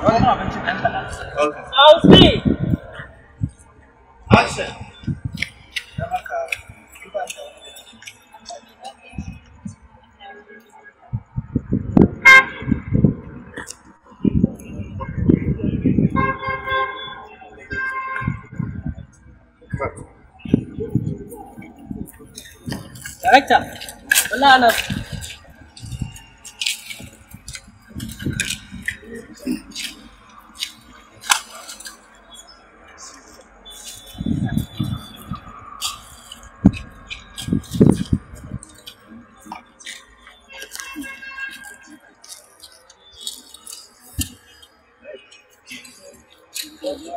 Okay. Now three. Action. Director, Balanas. yi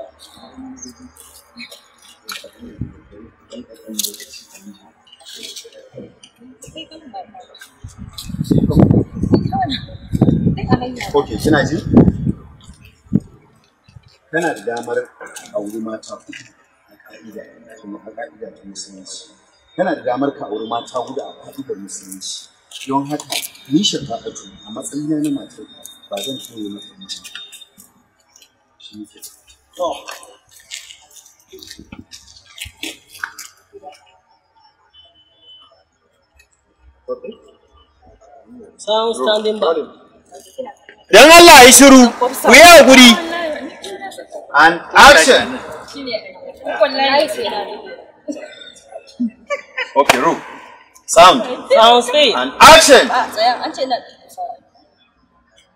Ok, kina ji? Kana da damar auri mata a ka'ida kuma a ka'ida ta musulunci. Kana da damar ka auri mata hudu a ka'idar musulunci. Don haka, ni shafa'atu a matsayina na matar ba zan koyi maka mutum. Shi ne Oh. Don Allah ya shiru, ku yi haƙuri. An action! Okay, room. Sound. Sound speed. And action!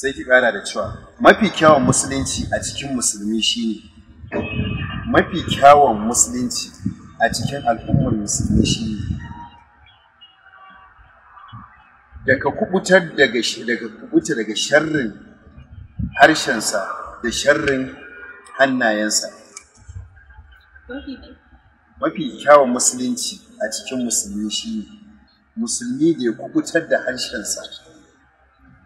sai ki kara da cewa mafi kyawun musulunci a cikin musulmi shine mafi kyawun musulunci a cikin al'ummar musulmi shine daga kubutar daga daga kubuta daga sharrin harshensa da sharrin hannayensa mafi kyawun musulunci a cikin musulmi shine musulmi da ya kubutar da harshensa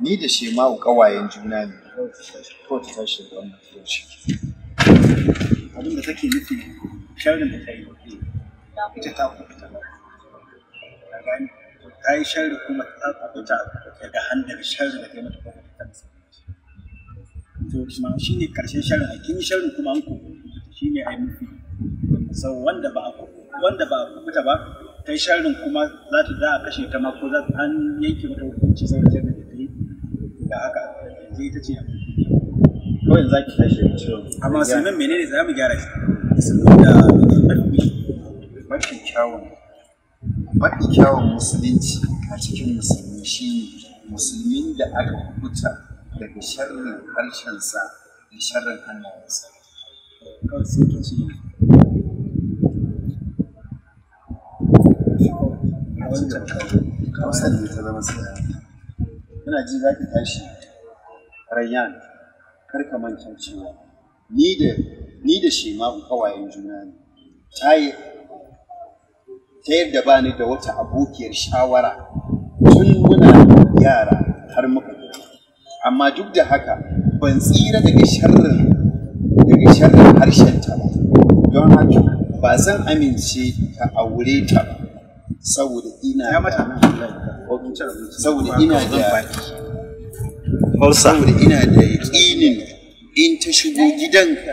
ni da shi shema'u ƙawayen juna ne ko ta tashi da wannan furoci abinda take nufi sharrin da ta yi ita ta kuɓuta ta gani ta yi sharri kuma ta ta daga hannun sharri da ta yi mata kuma ta masa to kuma shi ne ƙarshen sharri a kin sharri kuma an ku shi ne a yi mafi sau wanda ba a wanda ba ta yi sharrin kuma za ta za a kashe ta ma ko za ta an yanke mata hukunci saboda ta da aka je ita ce kawai yanzu zaki tashi mu amma nan menene za mu gyara shi saboda mafi kyawun mafi kyawun musulunci a cikin musulmi shi musulmin da aka kuta daga sharrin harshensa da sharrin hannayensa kawai sai ki ce wanda kawai ta zama sai yana ji za Rayyan, kar ka manta cewa ni da ni da shi ma kawayen juna ne. Ta yi ta yadda ba ni da wata abokiyar shawara tun muna yara har muka girma. Amma duk da haka ban tsira daga sharrin daga sharrin harshenta ba. Don haka ba zan amince ka aure ta ba. Saboda ina saboda ina da Hausa. Saboda ina da yaƙinin in ta shigo gidanka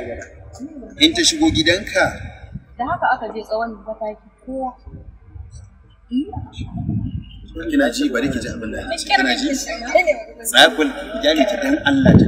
in ta shigo gidanka. Da haka aka je tsawon mataki kowa. Kina ji bari ki ji abin da ake ce kina ji. Tsakul jami ki dan Allah